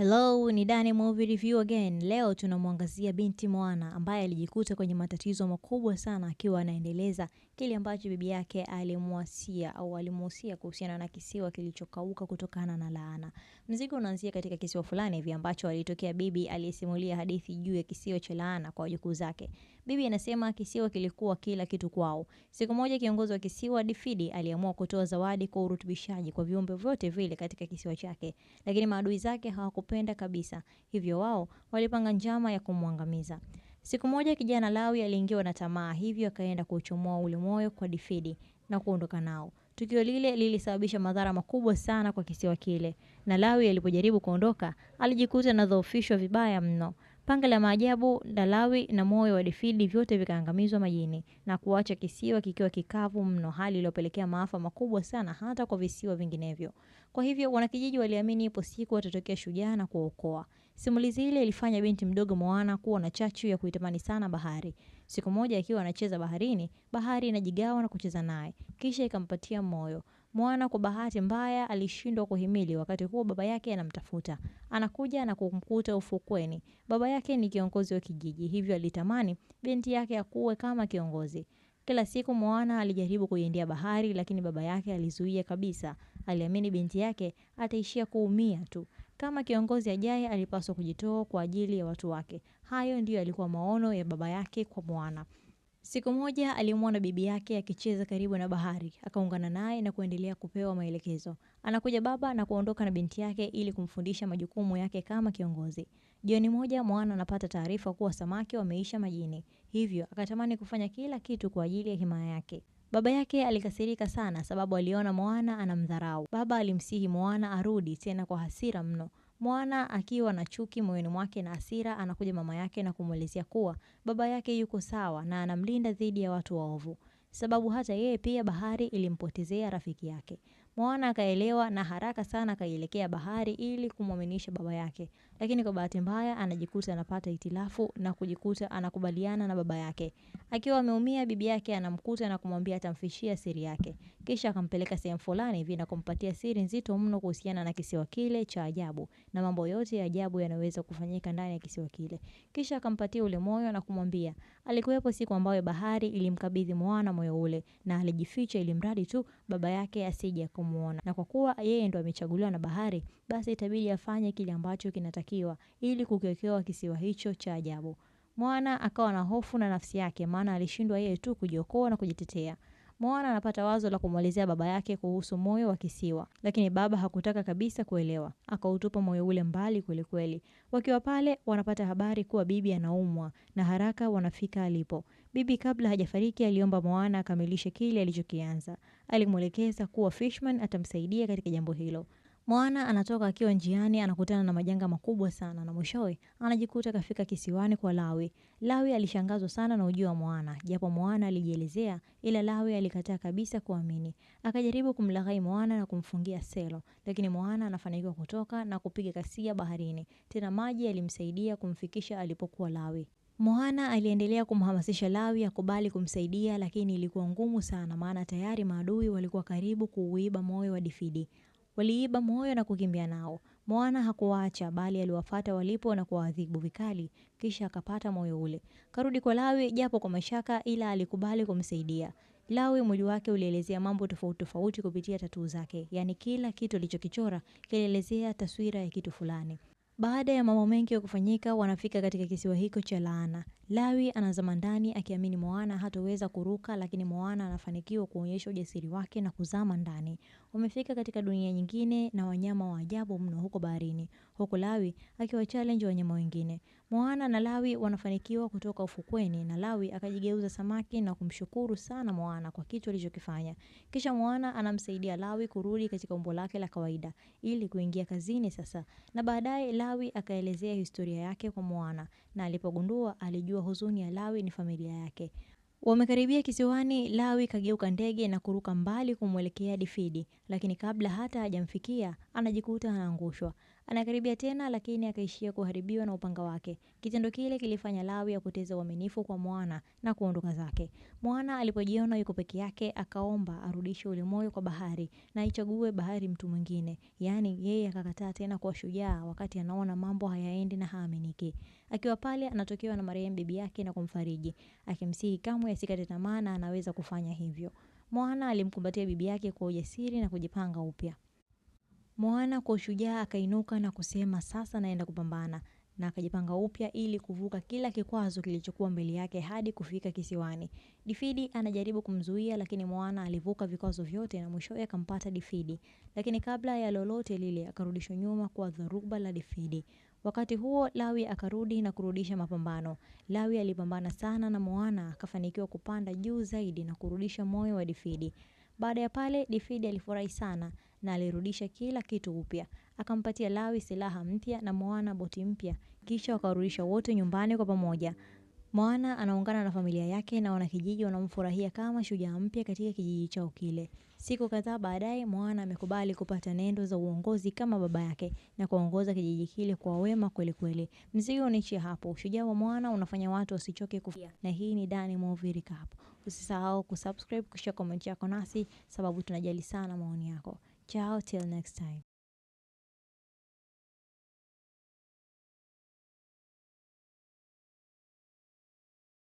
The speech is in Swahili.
Hello, ni Dani Movie Review again. Leo tunamwangazia binti Moana ambaye alijikuta kwenye matatizo makubwa sana akiwa anaendeleza kile ambacho bibi yake alimwasia au alimuhusia kuhusiana na kisiwa kilichokauka kutokana na laana. Mzigo unaanzia katika kisiwa fulani hivi ambacho alitokea bibi aliyesimulia hadithi juu ya kisiwa cha laana kwa wajukuu zake. Bibi anasema kisiwa kilikuwa kila kitu kwao. Siku moja kiongozi wa kisiwa Difidi aliamua kutoa zawadi kwa urutubishaji kwa viumbe vyote vile katika kisiwa chake, lakini maadui zake hawakupenda kabisa, hivyo wao walipanga njama ya kumwangamiza. Siku moja kijana Lawi aliingiwa na tamaa, hivyo akaenda kuuchomoa ule moyo kwa Difidi na kuondoka nao. Tukio lile lilisababisha madhara makubwa sana kwa kisiwa kile, na Lawi alipojaribu kuondoka alijikuta anadhoofishwa vibaya mno. Panga la maajabu la na moyo wa Defidi vyote vikaangamizwa majini na kuacha kisiwa kikiwa kikavu mno, hali iliyopelekea maafa makubwa sana hata kwa visiwa vinginevyo. Kwa hivyo wanakijiji waliamini ipo siku watatokea shujaa na kuokoa Simulizi ile ilifanya binti mdogo Moana kuwa na chachu ya kuitamani sana bahari. Siku moja akiwa anacheza baharini, bahari inajigawa na kucheza naye, kisha ikampatia moyo. Mwana kwa bahati mbaya alishindwa kuhimili wakati huo baba yake anamtafuta. Anakuja na kumkuta ufukweni. Baba yake ni kiongozi wa kijiji, hivyo alitamani binti yake akuwe kama kiongozi. Kila siku mwana alijaribu kuiendea bahari lakini baba yake alizuia kabisa. Aliamini binti yake ataishia kuumia tu. Kama kiongozi ajaye alipaswa kujitoa kwa ajili ya watu wake. Hayo ndiyo yalikuwa maono ya baba yake kwa mwana Siku moja alimwona bibi yake akicheza karibu na bahari, akaungana naye na kuendelea kupewa maelekezo. Anakuja baba na kuondoka na binti yake ili kumfundisha majukumu yake kama kiongozi. Jioni moja mwana anapata taarifa kuwa samaki wameisha majini, hivyo akatamani kufanya kila kitu kwa ajili ya himaya yake. Baba yake alikasirika sana sababu aliona mwana anamdharau. Baba alimsihi mwana arudi tena kwa hasira mno. Mwana akiwa na chuki moyoni mwake na hasira, anakuja mama yake na kumwelezea kuwa baba yake yuko sawa na anamlinda dhidi ya watu waovu, sababu hata yeye pia bahari ilimpotezea rafiki yake. Mwana akaelewa na haraka sana akaielekea bahari ili kumwaminisha baba yake lakini kwa bahati mbaya anajikuta anapata itilafu na kujikuta anakubaliana na baba yake. Akiwa ameumia, bibi yake anamkuta na kumwambia atamfishia siri yake, kisha akampeleka sehemu fulani hivi na kumpatia siri nzito mno kuhusiana na kisiwa kile cha ajabu na mambo yote ya ajabu yanayoweza kufanyika ndani ya kisiwa kile. Kisha akampatia ule moyo na kumwambia alikuwepo siku ambayo bahari ilimkabidhi mwana moyo ule na alijificha ili mradi tu baba yake asije kumuona, na kwa kuwa yeye ndo amechaguliwa na bahari, basi itabidi afanye kile ambacho kinatakiwa kutakiwa ili kukiwekewa kisiwa hicho cha ajabu. Mwana akawa na hofu na nafsi yake, maana alishindwa yeye tu kujiokoa na kujitetea. Mwana anapata wazo la kumwelezea baba yake kuhusu moyo wa kisiwa, lakini baba hakutaka kabisa kuelewa, akautupa moyo ule mbali kwelikweli. Wakiwa pale, wanapata habari kuwa bibi anaumwa na haraka wanafika alipo. Bibi kabla hajafariki aliomba mwana akamilishe kile alichokianza. Alimwelekeza kuwa Fishman atamsaidia katika jambo hilo mwana anatoka akiwa njiani anakutana na majanga makubwa sana na mwishowe anajikuta kafika kisiwani kwa Lawi. Lawi alishangazwa sana na ujio wa japo mwana alijielezea ila Lawi alikataa kabisa kuamini. Akajaribu kumlaghai mwana na kumfungia selo, lakini mwana anafanikiwa kutoka na kupiga kasia baharini. Tena maji yalimsaidia kumfikisha alipokuwa Lawi. mwana aliendelea kumhamasisha Lawi akubali kumsaidia lakini ilikuwa ngumu sana maana tayari maadui walikuwa karibu kuuiba moyo wa Difidi. Waliiba moyo na kukimbia nao. mwana hakuwaacha bali aliwafata walipo na kuwaadhibu vikali, kisha akapata moyo ule. Karudi kwa Lawi japo kwa mashaka, ila alikubali kumsaidia. Lawi mwili wake ulielezea mambo tofauti tofauti kupitia tatuu zake, yaani kila kitu alichokichora kilielezea taswira ya kitu fulani. Baada ya mambo mengi ya kufanyika, wanafika katika kisiwa hicho cha laana. Lawi anazama ndani akiamini Moana hatoweza kuruka lakini Moana anafanikiwa kuonyesha ujasiri wake na kuzama ndani. Wamefika katika dunia nyingine na wanyama wa ajabu mno huko baharini. Huko Lawi akiwa challenge wanyama wengine. Moana na Lawi wanafanikiwa kutoka ufukweni na Lawi akajigeuza samaki na kumshukuru sana Moana kwa kitu alichokifanya. Kisha Moana anamsaidia Lawi kurudi katika umbo lake la kawaida ili kuingia kazini sasa. Na baadaye Lawi akaelezea historia yake kwa Moana na alipogundua alijua wa huzuni ya Lawi ni familia yake. Wamekaribia kisiwani, Lawi kageuka ndege na kuruka mbali kumwelekea Difidi, lakini kabla hata hajamfikia anajikuta anaangushwa. Anakaribia tena lakini akaishia kuharibiwa na upanga wake. Kitendo kile kilifanya Lawi apoteze uaminifu kwa Mwana na kuondoka zake. Mwana alipojiona yuko peke yake, akaomba arudishe ule moyo kwa bahari na aichague bahari mtu mwingine. Yaani yeye akakataa tena kuwa shujaa wakati anaona mambo hayaendi na haaminiki. Akiwa pale anatokewa na marehemu bibi yake na kumfariji, akimsihi kamwe asikate tamaa na anaweza kufanya hivyo. mwana alimkumbatia bibi yake kwa ujasiri na kujipanga upya. Moana kwa ushujaa akainuka na kusema sasa naenda kupambana na akajipanga upya ili kuvuka kila kikwazo kilichokuwa mbele yake hadi kufika kisiwani. Difidi anajaribu kumzuia lakini Moana alivuka vikwazo vyote na mwishowe akampata Difidi. Lakini kabla ya lolote lile akarudishwa nyuma kwa dhoruba la Difidi. Wakati huo Lawi akarudi na kurudisha mapambano. Lawi alipambana sana na Moana akafanikiwa kupanda juu zaidi na kurudisha moyo wa Difidi. Baada ya pale, Dafidi alifurahi sana na alirudisha kila kitu upya. Akampatia Lawi silaha mpya na Moana boti mpya. Kisha wakarudisha wote nyumbani kwa pamoja. Moana anaungana na familia yake na wanakijiji wanamfurahia kama shujaa mpya katika kijiji chao kile. Siku kadhaa baadaye, Moana amekubali kupata nendo za uongozi kama baba yake na kuongoza kijiji kile kwa wema kweli kweli. Mzigo unaishia hapo. Ushujaa wa Moana unafanya watu wasichoke kufia, Na hii ni Dani Movie Recap. Usisahau kusubscribe, kushia komenti yako nasi sababu tunajali sana maoni yako. chao till next time.